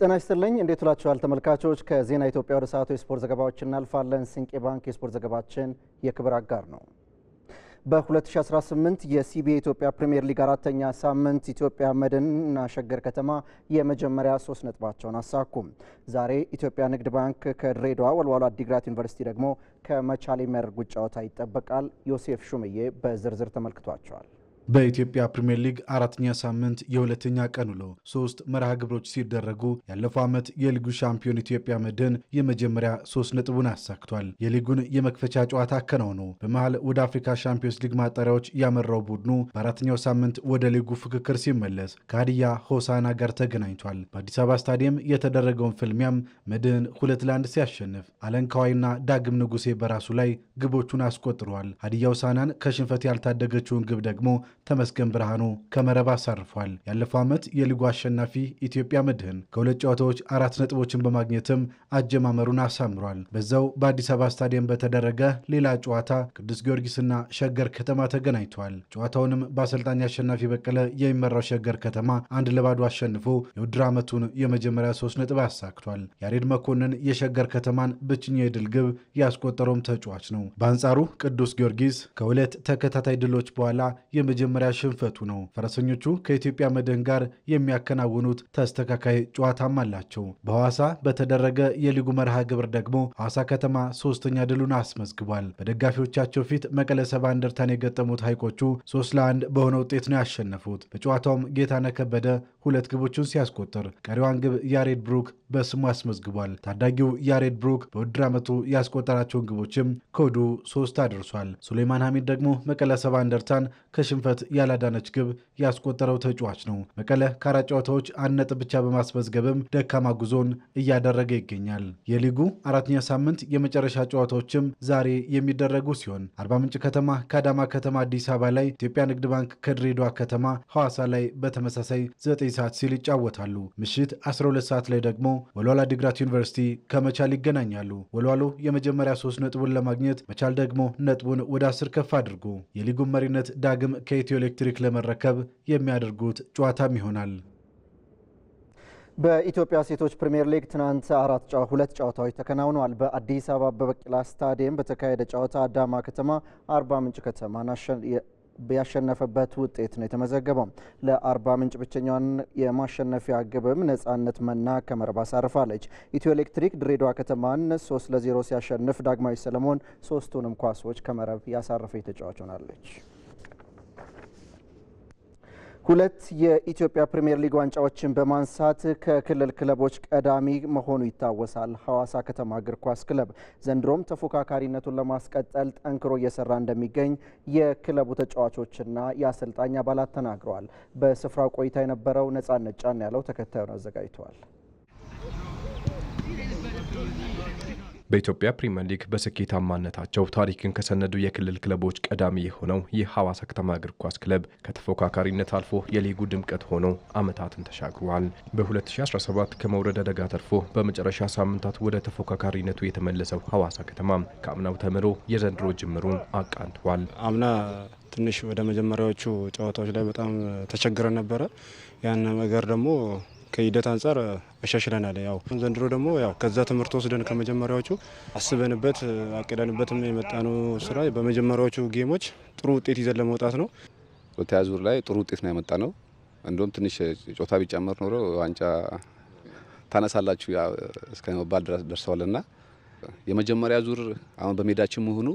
ጤና ይስጥልኝ እንዴት ውላችኋል ተመልካቾች። ከዜና ኢትዮጵያ ወደ ሰዓቱ የስፖርት ዘገባዎች እናልፋለን። ስንቄ ባንክ የስፖርት ዘገባችን የክብር አጋር ነው። በ2018 የሲቢኤ ኢትዮጵያ ፕሪምየር ሊግ አራተኛ ሳምንት ኢትዮጵያ መድንና ሸገር ከተማ የመጀመሪያ ሶስት ነጥባቸውን አሳኩም። ዛሬ ኢትዮጵያ ንግድ ባንክ ከድሬዳዋ ወልዋሎ አዲግራት ዩኒቨርሲቲ ደግሞ ከመቻሌ መርጉ ጨዋታ ይጠበቃል። ዮሴፍ ሹምዬ በዝርዝር ተመልክቷቸዋል። በኢትዮጵያ ፕሪምየር ሊግ አራተኛ ሳምንት የሁለተኛ ቀን ውሎ ሶስት መርሃ ግብሮች ሲደረጉ ያለፈው ዓመት የሊጉ ሻምፒዮን ኢትዮጵያ መድን የመጀመሪያ ሶስት ነጥቡን አሳክቷል። የሊጉን የመክፈቻ ጨዋታ አከናውኖ በመሃል ወደ አፍሪካ ሻምፒዮንስ ሊግ ማጣሪያዎች ያመራው ቡድኑ በአራተኛው ሳምንት ወደ ሊጉ ፍክክር ሲመለስ ከሀዲያ ሆሳና ጋር ተገናኝቷል። በአዲስ አበባ ስታዲየም የተደረገውን ፍልሚያም መድን ሁለት ለአንድ ሲያሸንፍ አለንካዋይና ዳግም ንጉሴ በራሱ ላይ ግቦቹን አስቆጥረዋል። ሀዲያ ሆሳናን ከሽንፈት ያልታደገችውን ግብ ደግሞ ተመስገን ብርሃኑ ከመረብ አሳርፏል። ያለፈው ዓመት የሊጉ አሸናፊ ኢትዮጵያ መድህን ከሁለት ጨዋታዎች አራት ነጥቦችን በማግኘትም አጀማመሩን አሳምሯል። በዛው በአዲስ አበባ ስታዲየም በተደረገ ሌላ ጨዋታ ቅዱስ ጊዮርጊስና ሸገር ከተማ ተገናኝቷል። ጨዋታውንም በአሰልጣኝ አሸናፊ በቀለ የሚመራው ሸገር ከተማ አንድ ለባዶ አሸንፎ የውድድር ዓመቱን የመጀመሪያ ሶስት ነጥብ አሳክቷል። ያሬድ መኮንን የሸገር ከተማን ብቸኛ የድል ግብ ያስቆጠረውም ተጫዋች ነው። በአንጻሩ ቅዱስ ጊዮርጊስ ከሁለት ተከታታይ ድሎች በኋላ የመጀመ የመጀመሪያ ሽንፈቱ ነው። ፈረሰኞቹ ከኢትዮጵያ መድን ጋር የሚያከናውኑት ተስተካካይ ጨዋታም አላቸው። በሐዋሳ በተደረገ የሊጉ መርሃ ግብር ደግሞ ሐዋሳ ከተማ ሶስተኛ ድሉን አስመዝግቧል። በደጋፊዎቻቸው ፊት መቀለ ሰባ እንደርታን የገጠሙት ሐይቆቹ ሶስት ለአንድ በሆነ ውጤት ነው ያሸነፉት። በጨዋታውም ጌታነ ከበደ ሁለት ግቦችን ሲያስቆጥር ቀሪዋን ግብ ያሬድ ብሩክ በስሙ አስመዝግቧል። ታዳጊው ያሬድ ብሩክ በውድድር ዓመቱ ያስቆጠራቸውን ግቦችም ከወዲሁ ሶስት አድርሷል። ሱሌማን ሐሚድ ደግሞ መቀለ ሰባ እንደርታን ከሽንፈት ያላዳነች ግብ ያስቆጠረው ተጫዋች ነው። መቀለ ከአራት ጨዋታዎች አንድ ነጥብ ብቻ በማስመዝገብም ደካማ ጉዞን እያደረገ ይገኛል። የሊጉ አራተኛ ሳምንት የመጨረሻ ጨዋታዎችም ዛሬ የሚደረጉ ሲሆን አርባ ምንጭ ከተማ ከአዳማ ከተማ አዲስ አበባ ላይ፣ ኢትዮጵያ ንግድ ባንክ ከድሬዳዋ ከተማ ሐዋሳ ላይ በተመሳሳይ ዘጠኝ ሰዓት ሲል ይጫወታሉ። ምሽት 12 ሰዓት ላይ ደግሞ ወልዋላ ዲግራት ዩኒቨርሲቲ ከመቻል ይገናኛሉ። ወልዋሎ የመጀመሪያ ሶስት ነጥቡን ለማግኘት መቻል ደግሞ ነጥቡን ወደ አስር ከፍ አድርጎ የሊጉን መሪነት ዳግም ከኢትዮ ኢትዮ ኤሌክትሪክ ለመረከብ የሚያደርጉት ጨዋታም ይሆናል። በኢትዮጵያ ሴቶች ፕሪምየር ሊግ ትናንት አራት ሁለት ጨዋታዎች ተከናውነዋል። በአዲስ አበባ በበቂላ ስታዲየም በተካሄደ ጨዋታ አዳማ ከተማ አርባ ምንጭ ከተማን ያሸነፈበት ውጤት ነው የተመዘገበው። ለአርባ ምንጭ ብቸኛዋን የማሸነፊያ ግብም ነጻነት መና ከመረብ አሳርፋለች። ኢትዮ ኤሌክትሪክ ድሬዳዋ ከተማን ሶስት ለዜሮ ሲያሸንፍ ዳግማዊ ሰለሞን ሶስቱንም ኳሶች ከመረብ ያሳረፈች ተጫዋች ሆናለች። ሁለት የኢትዮጵያ ፕሪምየር ሊግ ዋንጫዎችን በማንሳት ከክልል ክለቦች ቀዳሚ መሆኑ ይታወሳል። ሐዋሳ ከተማ እግር ኳስ ክለብ ዘንድሮም ተፎካካሪነቱን ለማስቀጠል ጠንክሮ እየሰራ እንደሚገኝ የክለቡ ተጫዋቾችና የአሰልጣኝ አባላት ተናግረዋል። በስፍራው ቆይታ የነበረው ነጻነት ጫን ያለው ተከታዩን አዘጋጅተዋል። በኢትዮጵያ ፕሪምየር ሊግ በስኬታማነታቸው ታሪክን ከሰነዱ የክልል ክለቦች ቀዳሚ የሆነው የሐዋሳ ከተማ እግር ኳስ ክለብ ከተፎካካሪነት አልፎ የሊጉ ድምቀት ሆኖ ዓመታትን ተሻግሯል። በ2017 ከመውረድ አደጋ ተርፎ በመጨረሻ ሳምንታት ወደ ተፎካካሪነቱ የተመለሰው ሐዋሳ ከተማ ከአምናው ተምሮ የዘንድሮ ጅምሩን አቃንቷል። አምና ትንሽ ወደ መጀመሪያዎቹ ጨዋታዎች ላይ በጣም ተቸግረን ነበረ። ያን ነገር ደግሞ ከሂደት አንጻር አሻሽለናል። ያው ዘንድሮ ደግሞ ያው ከዛ ትምህርት ወስደን ከመጀመሪያዎቹ አስበንበት አቅደንበትም የመጣነው ስራ በመጀመሪያዎቹ ጌሞች ጥሩ ውጤት ይዘን ለመውጣት ነው። ሁለተኛ ዙር ላይ ጥሩ ውጤት ነው የመጣ ነው። እንዲሁም ትንሽ ጮታ ቢጨመር ኖሮ ዋንጫ ታነሳላችሁ መባል ድረስ ደርሰዋልና የመጀመሪያ ዙር አሁን በሜዳችን መሆኑ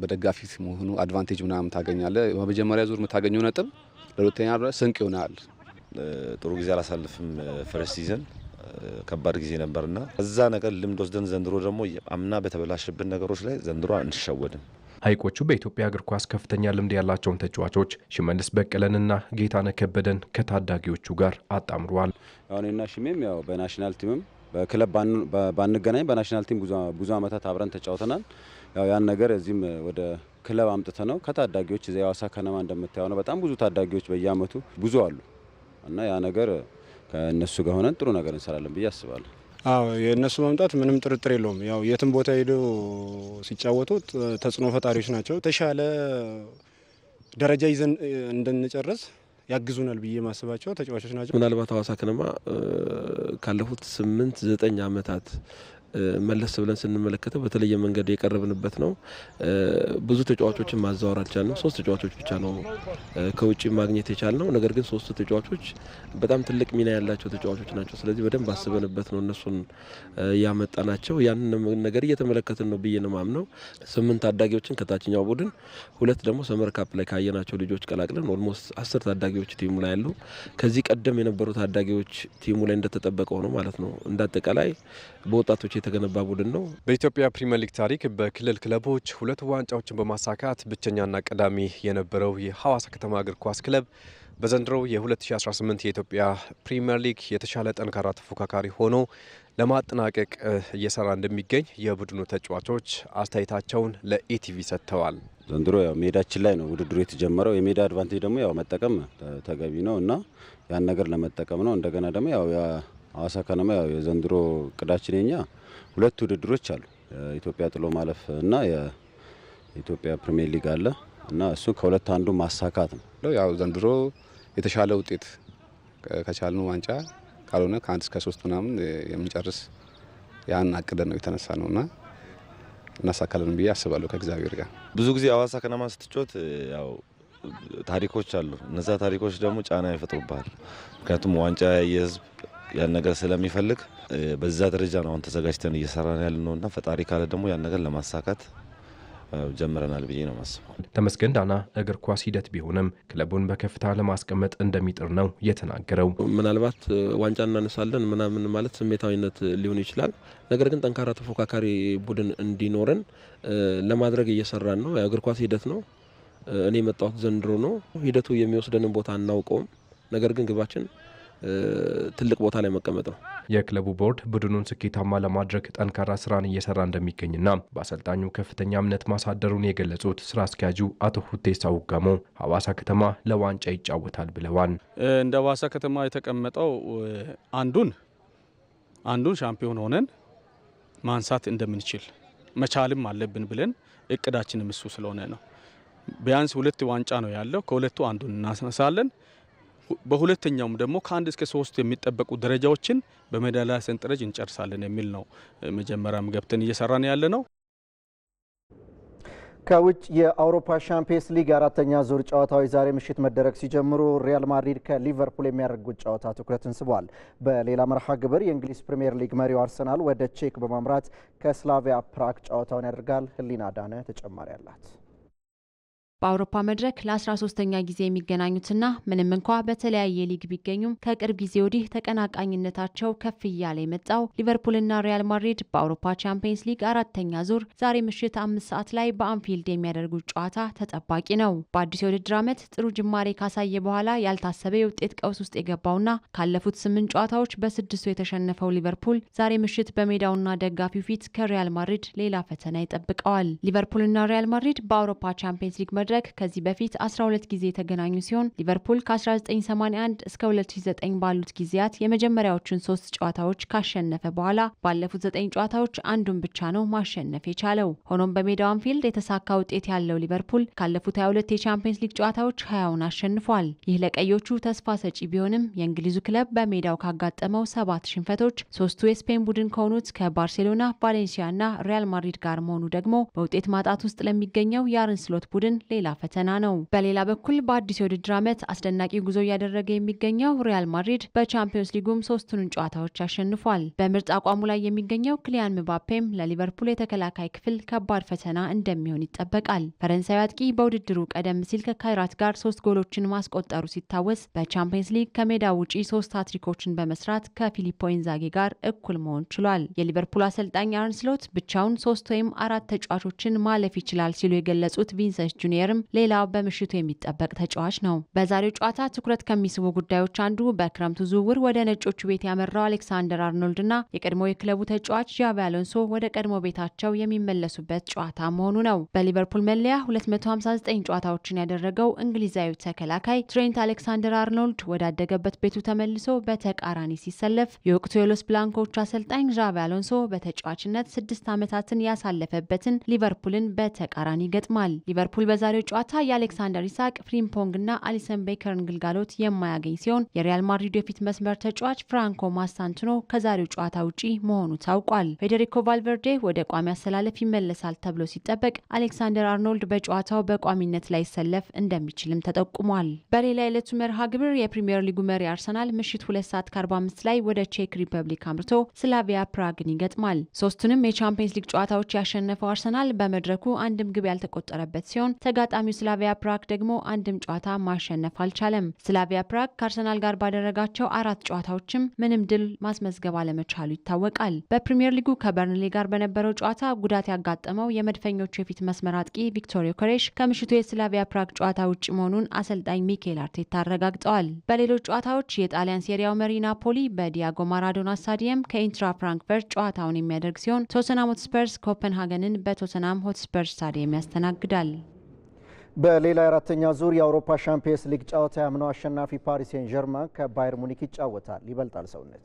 በደጋፊት መሆኑ አድቫንቴጅ ምናምን ታገኛለ። በመጀመሪያ ዙር የምታገኘው ነጥብ ለሁለተኛ ስንቅ ይሆናል። ጥሩ ጊዜ አላሳልፍም። ፈረስ ሲዘን ከባድ ጊዜ ነበርና እዛ ነገር ልምድ ወስደን ዘንድሮ ደግሞ አምና በተበላሸብን ነገሮች ላይ ዘንድሮ አንሸወድም። ሀይቆቹ በኢትዮጵያ እግር ኳስ ከፍተኛ ልምድ ያላቸውን ተጫዋቾች ሽመልስ በቀለንና ጌታነህ ከበደን ከታዳጊዎቹ ጋር አጣምረዋል። አሁንና ሽሜም ያው በናሽናል ቲምም በክለብ ባንገናኝ በናሽናል ቲም ብዙ ዓመታት አብረን ተጫውተናል። ያው ያን ነገር እዚህም ወደ ክለብ አምጥተ ነው ከታዳጊዎች እዚ የሀዋሳ ከነማ እንደምታየው ነው። በጣም ብዙ ታዳጊዎች በየአመቱ ብዙ አሉ። እና ያ ነገር ከእነሱ ጋር ሆነን ጥሩ ነገር እንሰራለን ብዬ አስባለሁ። አዎ የእነሱ መምጣት ምንም ጥርጥር የለውም። ያው የትም ቦታ ሄዶ ሲጫወቱ ተጽዕኖ ፈጣሪዎች ናቸው። የተሻለ ደረጃ ይዘን እንድንጨርስ ያግዙናል ብዬ ማስባቸው ተጫዋቾች ናቸው። ምናልባት ሀዋሳ ከነማ ካለፉት ስምንት ዘጠኝ ዓመታት መለስ ብለን ስንመለከተው በተለየ መንገድ የቀረብንበት ነው። ብዙ ተጫዋቾችን ማዛወር አልቻልንም። ሶስት ተጫዋቾች ብቻ ነው ከውጭ ማግኘት የቻልነው። ነገር ግን ሶስቱ ተጫዋቾች በጣም ትልቅ ሚና ያላቸው ተጫዋቾች ናቸው። ስለዚህ በደንብ አስበንበት ነው እነሱን ያመጣ ናቸው። ያንን ነገር እየተመለከትን ነው ብዬ ነው ማምነው። ስምንት ታዳጊዎችን ከታችኛው ቡድን ሁለት ደግሞ ሰመር ካፕ ላይ ካየናቸው ልጆች ቀላቅለን ኦልሞስት አስር ታዳጊዎች ቲሙ ላይ ያሉ ከዚህ ቀደም የነበሩ ታዳጊዎች ቲሙ ላይ እንደተጠበቀው ነው ማለት ነው። እንዳጠቃላይ በወጣቶች የተገነባ ቡድን ነው። በኢትዮጵያ ፕሪምየር ሊግ ታሪክ በክልል ክለቦች ሁለት ዋንጫዎችን በማሳካት ብቸኛና ቀዳሚ የነበረው የሐዋሳ ከተማ እግር ኳስ ክለብ በዘንድሮው የ2018 የኢትዮጵያ ፕሪምየር ሊግ የተሻለ ጠንካራ ተፎካካሪ ሆኖ ለማጠናቀቅ እየሰራ እንደሚገኝ የቡድኑ ተጫዋቾች አስተያየታቸውን ለኢቲቪ ሰጥተዋል። ዘንድሮ ያው ሜዳችን ላይ ነው ውድድሩ የተጀመረው። የሜዳ አድቫንቴጅ ደግሞ ያው መጠቀም ተገቢ ነው እና ያን ነገር ለመጠቀም ነው። እንደገና ደግሞ ያው ሀዋሳ ከነማ ያው የዘንድሮ እቅዳችን የኛ ሁለት ውድድሮች አሉ። ኢትዮጵያ ጥሎ ማለፍ እና የኢትዮጵያ ፕሪሚየር ሊግ አለ እና እሱ ከሁለት አንዱ ማሳካት ነው። ያው ዘንድሮ የተሻለ ውጤት ከቻልነው ዋንጫ ካልሆነ ከአንድ እስከ ሶስት ምናምን የምንጨርስ ያን አቅደ ነው የተነሳ ነውና እናሳካለን ብዬ አስባለሁ ከእግዚአብሔር ጋር። ብዙ ጊዜ አዋሳ ከነማ ስትጮት ያው ታሪኮች አሉ። እነዛ ታሪኮች ደግሞ ጫና ይፈጥሩብሃል። ምክንያቱም ዋንጫ የህዝብ ያን ነገር ስለሚፈልግ በዛ ደረጃ ነው አሁን ተዘጋጅተን እየሰራን ያለ ነው እና ፈጣሪ ካለ ደግሞ ያን ነገር ለማሳካት ጀምረናል ብዬ ነው ማስበው። ተመስገን ዳና እግር ኳስ ሂደት ቢሆንም ክለቡን በከፍታ ለማስቀመጥ እንደሚጥር ነው የተናገረው። ምናልባት ዋንጫ እናነሳለን ምናምን ማለት ስሜታዊነት ሊሆን ይችላል። ነገር ግን ጠንካራ ተፎካካሪ ቡድን እንዲኖረን ለማድረግ እየሰራን ነው። እግር ኳስ ሂደት ነው። እኔ የመጣሁት ዘንድሮ ነው። ሂደቱ የሚወስደንን ቦታ አናውቀውም። ነገር ግን ግባችን ትልቅ ቦታ ላይ መቀመጥ ነው። የክለቡ ቦርድ ቡድኑን ስኬታማ ለማድረግ ጠንካራ ስራን እየሰራ እንደሚገኝና በአሰልጣኙ ከፍተኛ እምነት ማሳደሩን የገለጹት ስራ አስኪያጁ አቶ ሁቴሳ ውጋሞ ሀዋሳ ከተማ ለዋንጫ ይጫወታል ብለዋል። እንደ ሀዋሳ ከተማ የተቀመጠው አንዱን አንዱን ሻምፒዮን ሆነን ማንሳት እንደምንችል መቻልም አለብን ብለን እቅዳችንም እሱ ስለሆነ ነው። ቢያንስ ሁለት ዋንጫ ነው ያለው። ከሁለቱ አንዱን እናነሳለን። በሁለተኛውም ደግሞ ከአንድ እስከ ሶስት የሚጠበቁ ደረጃዎችን በሜዳሊያ ሰንጠረዥ እንጨርሳለን የሚል ነው። መጀመሪያም ገብተን እየሰራን ያለ ነው። ከውጭ የአውሮፓ ሻምፒየንስ ሊግ አራተኛ ዙር ጨዋታዎች ዛሬ ምሽት መደረግ ሲጀምሩ ሪያል ማድሪድ ከሊቨርፑል የሚያደርጉት ጨዋታ ትኩረትን ስቧል። በሌላ መርሃ ግብር የእንግሊዝ ፕሪምየር ሊግ መሪው አርሰናል ወደ ቼክ በማምራት ከስላቪያ ፕራክ ጨዋታውን ያደርጋል። ህሊና ዳነ ተጨማሪ አላት። በአውሮፓ መድረክ ለ 13 ተኛ ጊዜ የሚገናኙትና ምንም እንኳ በተለያየ ሊግ ቢገኙም ከቅርብ ጊዜ ወዲህ ተቀናቃኝነታቸው ከፍ እያለ የመጣው ሊቨርፑልና ሪያል ማድሪድ በአውሮፓ ቻምፒየንስ ሊግ አራተኛ ዙር ዛሬ ምሽት አምስት ሰዓት ላይ በአንፊልድ የሚያደርጉት ጨዋታ ተጠባቂ ነው። በአዲስ የውድድር ዓመት ጥሩ ጅማሬ ካሳየ በኋላ ያልታሰበ የውጤት ቀውስ ውስጥ የገባውና ካለፉት ስምንት ጨዋታዎች በስድስቱ የተሸነፈው ሊቨርፑል ዛሬ ምሽት በሜዳውና ደጋፊው ፊት ከሪያል ማድሪድ ሌላ ፈተና ይጠብቀዋል። ሊቨርፑልና ሪያል ማድሪድ በአውሮፓ ቻምፒየንስ ሊግ መድረክ ከዚህ በፊት 12 ጊዜ የተገናኙ ሲሆን ሊቨርፑል ከ1981 እስከ 2009 ባሉት ጊዜያት የመጀመሪያዎቹን ሶስት ጨዋታዎች ካሸነፈ በኋላ ባለፉት ዘጠኝ ጨዋታዎች አንዱን ብቻ ነው ማሸነፍ የቻለው። ሆኖም በሜዳው አንፊልድ የተሳካ ውጤት ያለው ሊቨርፑል ካለፉት 22 የቻምፒየንስ ሊግ ጨዋታዎች 20ውን አሸንፏል። ይህ ለቀዮቹ ተስፋ ሰጪ ቢሆንም የእንግሊዙ ክለብ በሜዳው ካጋጠመው ሰባት ሽንፈቶች ሶስቱ የስፔን ቡድን ከሆኑት ከባርሴሎና፣ ቫሌንሲያ እና ሪያል ማድሪድ ጋር መሆኑ ደግሞ በውጤት ማጣት ውስጥ ለሚገኘው የአርንስሎት ቡድን ሌላ ፈተና ነው። በሌላ በኩል በአዲስ የውድድር ዓመት አስደናቂ ጉዞ እያደረገ የሚገኘው ሪያል ማድሪድ በቻምፒዮንስ ሊጉም ሶስቱን ጨዋታዎች አሸንፏል። በምርጥ አቋሙ ላይ የሚገኘው ክሊያን ምባፔም ለሊቨርፑል የተከላካይ ክፍል ከባድ ፈተና እንደሚሆን ይጠበቃል። ፈረንሳዊ አጥቂ በውድድሩ ቀደም ሲል ከካይራት ጋር ሶስት ጎሎችን ማስቆጠሩ ሲታወስ በቻምፒየንስ ሊግ ከሜዳ ውጪ ሶስት አትሪኮችን በመስራት ከፊሊፖ ኢንዛጌ ጋር እኩል መሆን ችሏል። የሊቨርፑል አሰልጣኝ አርንስሎት ብቻውን ሶስት ወይም አራት ተጫዋቾችን ማለፍ ይችላል ሲሉ የገለጹት ቪንሰንስ ጁኒየር ዊልቸርም ሌላው በምሽቱ የሚጠበቅ ተጫዋች ነው። በዛሬው ጨዋታ ትኩረት ከሚስቡ ጉዳዮች አንዱ በክረምቱ ዝውውር ወደ ነጮቹ ቤት ያመራው አሌክሳንደር አርኖልድ እና የቀድሞ የክለቡ ተጫዋች ዣቢ አሎንሶ ወደ ቀድሞ ቤታቸው የሚመለሱበት ጨዋታ መሆኑ ነው። በሊቨርፑል መለያ 259 ጨዋታዎችን ያደረገው እንግሊዛዊ ተከላካይ ትሬንት አሌክሳንደር አርኖልድ ወዳደገበት ቤቱ ተመልሶ በተቃራኒ ሲሰለፍ የወቅቱ የሎስ ብላንኮቹ አሰልጣኝ ዣቪ አሎንሶ በተጫዋችነት ስድስት ዓመታትን ያሳለፈበትን ሊቨርፑልን በተቃራኒ ይገጥማል። ሊቨርፑል በዛሬው በዛሬው ጨዋታ የአሌክሳንደር ኢሳቅ ፍሪምፖንግ እና አሊሰን ቤከርን ግልጋሎት የማያገኝ ሲሆን የሪያል ማድሪድ የፊት መስመር ተጫዋች ፍራንኮ ማሳንትኖ ከዛሬው ጨዋታ ውጪ መሆኑ ታውቋል። ፌዴሪኮ ቫልቨርዴ ወደ ቋሚ አሰላለፍ ይመለሳል ተብሎ ሲጠበቅ፣ አሌክሳንደር አርኖልድ በጨዋታው በቋሚነት ላይ ሰለፍ እንደሚችልም ተጠቁሟል። በሌላ የዕለቱ መርሃ ግብር የፕሪምየር ሊጉ መሪ አርሰናል ምሽት ሁለት ሰዓት ከ አምስት ላይ ወደ ቼክ ሪፐብሊክ አምርቶ ስላቪያ ፕራግን ይገጥማል። ሶስቱንም የቻምፒየንስ ሊግ ጨዋታዎች ያሸነፈው አርሰናል በመድረኩ አንድም ግብ ያልተቆጠረበት ሲሆን አጋጣሚው ስላቪያ ፕራክ ደግሞ አንድም ጨዋታ ማሸነፍ አልቻለም። ስላቪያ ፕራክ ከአርሰናል ጋር ባደረጋቸው አራት ጨዋታዎችም ምንም ድል ማስመዝገብ አለመቻሉ ይታወቃል። በፕሪምየር ሊጉ ከበርንሊ ጋር በነበረው ጨዋታ ጉዳት ያጋጠመው የመድፈኞቹ የፊት መስመር አጥቂ ቪክቶሪዮ ኮሬሽ ከምሽቱ የስላቪያ ፕራክ ጨዋታ ውጭ መሆኑን አሰልጣኝ ሚኬል አርቴታ አረጋግጠዋል። በሌሎች ጨዋታዎች የጣሊያን ሴሪያው መሪ ናፖሊ በዲያጎ ማራዶና ስታዲየም ከኢንትራ ፍራንክፈርት ጨዋታውን የሚያደርግ ሲሆን ቶተንሃም ሆትስፐርስ ኮፐንሃገንን በቶተንሃም ሆትስፐርስ ስታዲየም ያስተናግዳል። በሌላ የአራተኛ ዙር የአውሮፓ ሻምፒየንስ ሊግ ጨዋታ ያምነው አሸናፊ ፓሪስ ሴን ከባየር ሙኒክ ይጫወታል። ይበልጣል ሰውነት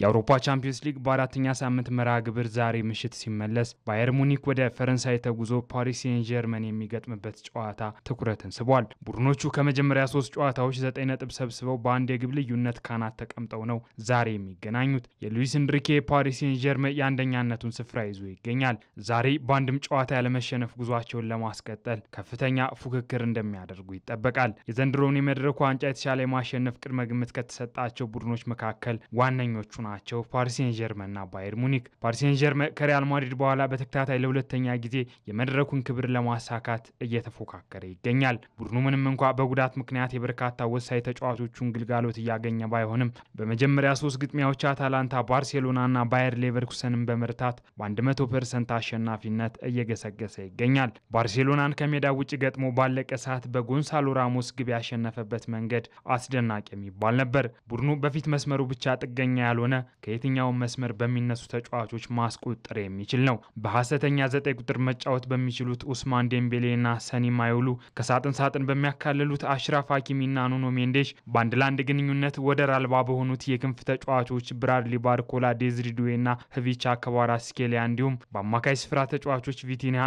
የአውሮፓ ቻምፒዮንስ ሊግ በአራተኛ ሳምንት መርሃ ግብር ዛሬ ምሽት ሲመለስ ባየር ሙኒክ ወደ ፈረንሳይ ተጉዞ ፓሪስ ሴን ጀርመን የሚገጥምበት ጨዋታ ትኩረትን ስቧል። ቡድኖቹ ከመጀመሪያ ሶስት ጨዋታዎች ዘጠኝ ነጥብ ሰብስበው በአንድ የግብ ልዩነት ካናት ተቀምጠው ነው ዛሬ የሚገናኙት። የሉዊስ እንድሪኬ ፓሪስ ሴን ጀርመን የአንደኛነቱን ስፍራ ይዞ ይገኛል። ዛሬ በአንድም ጨዋታ ያለመሸነፍ ጉዟቸውን ለማስቀጠል ከፍተኛ ፉክክር እንደሚያደርጉ ይጠበቃል። የዘንድሮውን የመድረኩ ዋንጫ የተሻለ የማሸነፍ ቅድመ ግምት ከተሰጣቸው ቡድኖች መካከል ዋነኞቹ ናቸው። ናቸው ፓሪሴን ጀርመንና ባየር ሙኒክ። ፓሪሴን ጀርመን ከሪያል ማድሪድ በኋላ በተከታታይ ለሁለተኛ ጊዜ የመድረኩን ክብር ለማሳካት እየተፎካከረ ይገኛል። ቡድኑ ምንም እንኳ በጉዳት ምክንያት የበርካታ ወሳኝ ተጫዋቾቹን ግልጋሎት እያገኘ ባይሆንም በመጀመሪያ ሶስት ግጥሚያዎች አታላንታ፣ ባርሴሎናና ባየር ሌቨርኩሰንን በመርታት በ100 ፐርሰንት አሸናፊነት እየገሰገሰ ይገኛል። ባርሴሎናን ከሜዳ ውጭ ገጥሞ ባለቀ ሰዓት በጎንሳሎ ራሞስ ግብ ያሸነፈበት መንገድ አስደናቂ የሚባል ነበር። ቡድኑ በፊት መስመሩ ብቻ ጥገኛ ያልሆነ ከሆነ ከየትኛውም መስመር በሚነሱ ተጫዋቾች ማስቆጠር የሚችል ነው። በሐሰተኛ ዘጠኝ ቁጥር መጫወት በሚችሉት ኡስማን ዴምቤሌና ሰኒ ማዩሉ ከሳጥን ሳጥን በሚያካልሉት አሽራፍ ሐኪሚና ኑኖ ሜንዴሽ በአንድ ለአንድ ግንኙነት ወደር አልባ በሆኑት የክንፍ ተጫዋቾች ብራድሊ ባርኮላ፣ ዴዝሪዱዌ ዱዌና ህቪቻ ክቫራትስኬሊያ እንዲሁም በአማካይ ስፍራ ተጫዋቾች ቪቲኒያ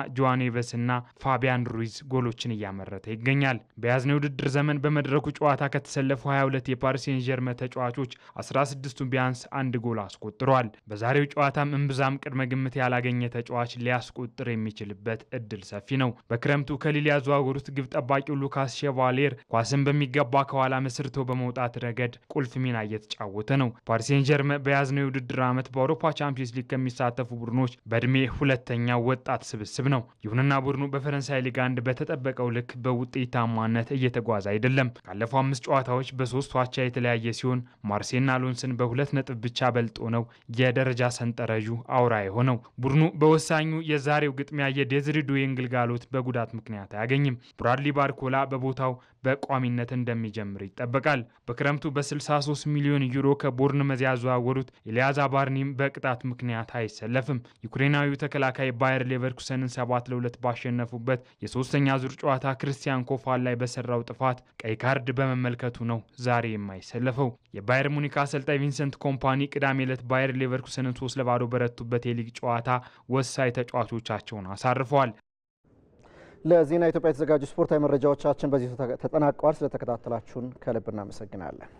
እና ፋቢያን ሩይዝ ጎሎችን እያመረተ ይገኛል። በያዝነው ውድድር ዘመን በመድረኩ ጨዋታ ከተሰለፉ 22 የፓሪስ ሴንት ጀርመን ተጫዋቾች 16ቱ ቢያንስ አንድ ጎል አስቆጥሯል። በዛሬው ጨዋታም እምብዛም ቅድመ ግምት ያላገኘ ተጫዋች ሊያስቆጥር የሚችልበት እድል ሰፊ ነው። በክረምቱ ከሊል ያዘዋወሩት ግብ ጠባቂው ሉካስ ሼቫሌር ኳስን በሚገባ ከኋላ መስርቶ በመውጣት ረገድ ቁልፍ ሚና እየተጫወተ ነው። ፓሪሴን ጀርመ በያዝነው የውድድር ዓመት በአውሮፓ ቻምፒዮንስ ሊግ ከሚሳተፉ ቡድኖች በእድሜ ሁለተኛው ወጣት ስብስብ ነው። ይሁንና ቡድኑ በፈረንሳይ ሊግ አንድ በተጠበቀው ልክ በውጤታማነት እየተጓዘ አይደለም። ካለፈው አምስት ጨዋታዎች በሶስት ዋቻ የተለያየ ሲሆን ማርሴና ሎንስን በሁለት ነጥብ ብቻ በልጦ ነው የደረጃ ሰንጠረዡ አውራ የሆነው። ቡድኑ በወሳኙ የዛሬው ግጥሚያ የዴዝሪ ዱዌን ግልጋሎት በጉዳት ምክንያት አያገኝም። ብራድሊ ባርኮላ በቦታው በቋሚነት እንደሚጀምር ይጠበቃል። በክረምቱ በ63 ሚሊዮን ዩሮ ከቦርንመዝ ያዘዋወሩት ኤልያ ባርኒም በቅጣት ምክንያት አይሰለፍም። ዩክሬናዊው ተከላካይ ባየር ሌቨርኩሰንን 7 ለ2 ባሸነፉበት የሶስተኛ ዙር ጨዋታ ክርስቲያን ኮፋል ላይ በሰራው ጥፋት ቀይ ካርድ በመመልከቱ ነው ዛሬ የማይሰለፈው። የባየር ሙኒክ አሰልጣኝ ቪንሰንት ኮምፓ ጃፓኒ ቅዳሜ ዕለት ባየር ሌቨርኩሰንን ሶስት ለባዶ በረቱበት የሊግ ጨዋታ ወሳኝ ተጫዋቾቻቸውን አሳርፈዋል። ለዜና ኢትዮጵያ የተዘጋጁ ስፖርታዊ መረጃዎቻችን በዚህ ተጠናቀዋል። ስለተከታተላችሁን ከልብ እናመሰግናለን።